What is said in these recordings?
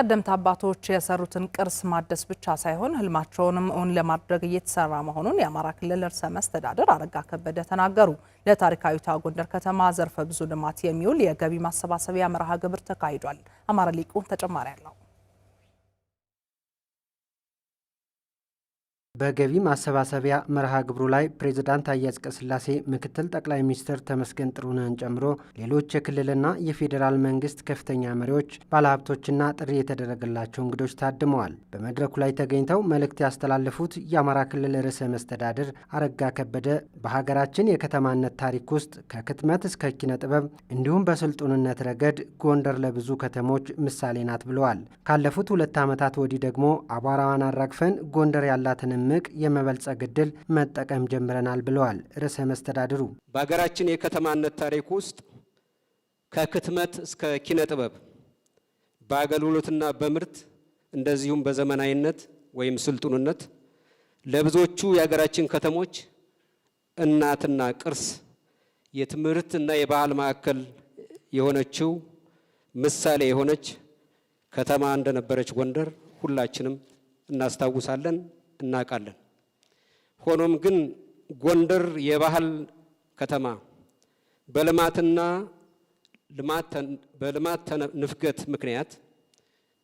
ቀደምት አባቶች የሰሩትን ቅርስ ማደስ ብቻ ሳይሆን ህልማቸውንም እውን ለማድረግ እየተሰራ መሆኑን የአማራ ክልል ርዕሰ መስተዳድር አረጋ ከበደ ተናገሩ። ለታሪካዊቷ ጎንደር ከተማ ዘርፈ ብዙ ልማት የሚውል የገቢ ማሰባሰቢያ መርሃ ግብር ተካሂዷል። አማራ ሊቁ ተጨማሪ አለው። በገቢ ማሰባሰቢያ መርሃ ግብሩ ላይ ፕሬዝዳንት ታዬ ሥላሴ ምክትል ጠቅላይ ሚኒስትር ተመስገን ጥሩነህን ጨምሮ ሌሎች የክልልና የፌዴራል መንግስት ከፍተኛ መሪዎች፣ ባለሀብቶችና ጥሪ የተደረገላቸው እንግዶች ታድመዋል። በመድረኩ ላይ ተገኝተው መልእክት ያስተላለፉት የአማራ ክልል ርዕሰ መስተዳድር አረጋ ከበደ በሀገራችን የከተማነት ታሪክ ውስጥ ከክትመት እስከ ኪነ ጥበብ እንዲሁም በስልጡንነት ረገድ ጎንደር ለብዙ ከተሞች ምሳሌ ናት ብለዋል። ካለፉት ሁለት ዓመታት ወዲህ ደግሞ አቧራዋን አራግፈን ጎንደር ያላትንም እምቅ የመበልጸግ እድል መጠቀም ጀምረናል ብለዋል ርዕሰ መስተዳድሩ። በሀገራችን የከተማነት ታሪክ ውስጥ ከክትመት እስከ ኪነ ጥበብ በአገልግሎትና በምርት እንደዚሁም በዘመናዊነት ወይም ስልጡንነት ለብዙዎቹ የሀገራችን ከተሞች እናትና ቅርስ የትምህርትና የባህል ማዕከል የሆነችው ምሳሌ የሆነች ከተማ እንደነበረች ጎንደር ሁላችንም እናስታውሳለን። እናውቃለን። ሆኖም ግን ጎንደር የባህል ከተማ በልማትና በልማት ንፍገት ምክንያት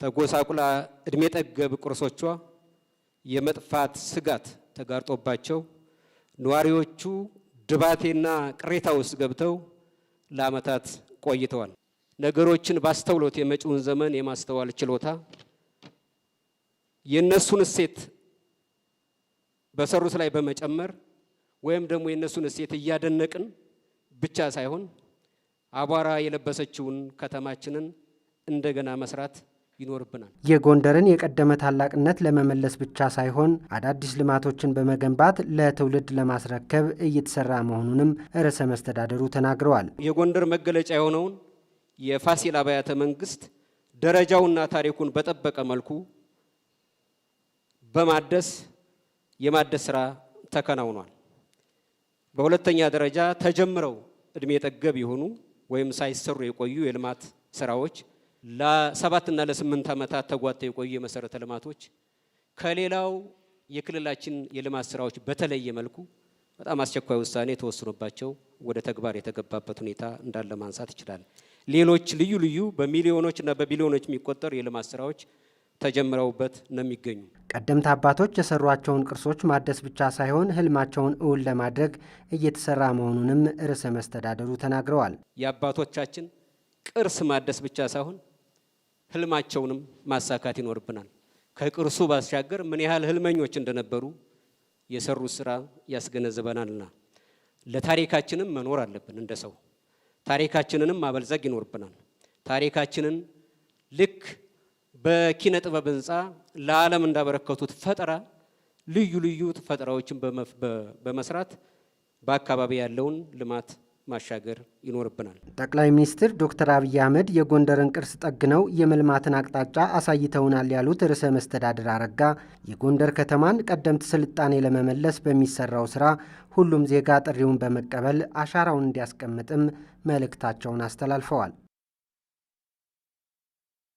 ተጎሳቁላ እድሜ ጠገብ ቅርሶቿ የመጥፋት ስጋት ተጋርጦባቸው ነዋሪዎቹ ድባቴና ቅሬታ ውስጥ ገብተው ለዓመታት ቆይተዋል። ነገሮችን ባስተውሎት የመጪውን ዘመን የማስተዋል ችሎታ የእነሱን እሴት በሰሩት ላይ በመጨመር ወይም ደግሞ የእነሱን እሴት እያደነቅን ብቻ ሳይሆን አቧራ የለበሰችውን ከተማችንን እንደገና መስራት ይኖርብናል። የጎንደርን የቀደመ ታላቅነት ለመመለስ ብቻ ሳይሆን አዳዲስ ልማቶችን በመገንባት ለትውልድ ለማስረከብ እየተሰራ መሆኑንም ርዕሰ መስተዳደሩ ተናግረዋል። የጎንደር መገለጫ የሆነውን የፋሲል አብያተ መንግስት ደረጃውና ታሪኩን በጠበቀ መልኩ በማደስ የማደስ ስራ ተከናውኗል። በሁለተኛ ደረጃ ተጀምረው እድሜ ጠገብ የሆኑ ወይም ሳይሰሩ የቆዩ የልማት ስራዎች ለሰባትና ለስምንት ዓመታት ተጓተው የቆዩ የመሰረተ ልማቶች ከሌላው የክልላችን የልማት ስራዎች በተለየ መልኩ በጣም አስቸኳይ ውሳኔ ተወስኖባቸው ወደ ተግባር የተገባበት ሁኔታ እንዳለ ማንሳት ይችላል። ሌሎች ልዩ ልዩ በሚሊዮኖች እና በቢሊዮኖች የሚቆጠሩ የልማት ስራዎች ተጀምረውበት ነው የሚገኙ። ቀደምት አባቶች የሰሯቸውን ቅርሶች ማደስ ብቻ ሳይሆን ህልማቸውን እውን ለማድረግ እየተሰራ መሆኑንም ርዕሰ መስተዳደሩ ተናግረዋል። የአባቶቻችን ቅርስ ማደስ ብቻ ሳይሆን ህልማቸውንም ማሳካት ይኖርብናል። ከቅርሱ ባሻገር ምን ያህል ህልመኞች እንደነበሩ የሰሩት ስራ ያስገነዝበናልና ለታሪካችንም መኖር አለብን። እንደ ሰው ታሪካችንንም ማበልጸግ ይኖርብናል። ታሪካችንን ልክ በኪነ ጥበብ ህንፃ ለዓለም እንዳበረከቱት ፈጠራ ልዩ ልዩ ፈጠራዎችን በመስራት በአካባቢ ያለውን ልማት ማሻገር ይኖርብናል። ጠቅላይ ሚኒስትር ዶክተር አብይ አህመድ የጎንደርን ቅርስ ጠግነው የመልማትን አቅጣጫ አሳይተውናል ያሉት ርዕሰ መስተዳድር አረጋ የጎንደር ከተማን ቀደምት ስልጣኔ ለመመለስ በሚሰራው ስራ ሁሉም ዜጋ ጥሪውን በመቀበል አሻራውን እንዲያስቀምጥም መልእክታቸውን አስተላልፈዋል።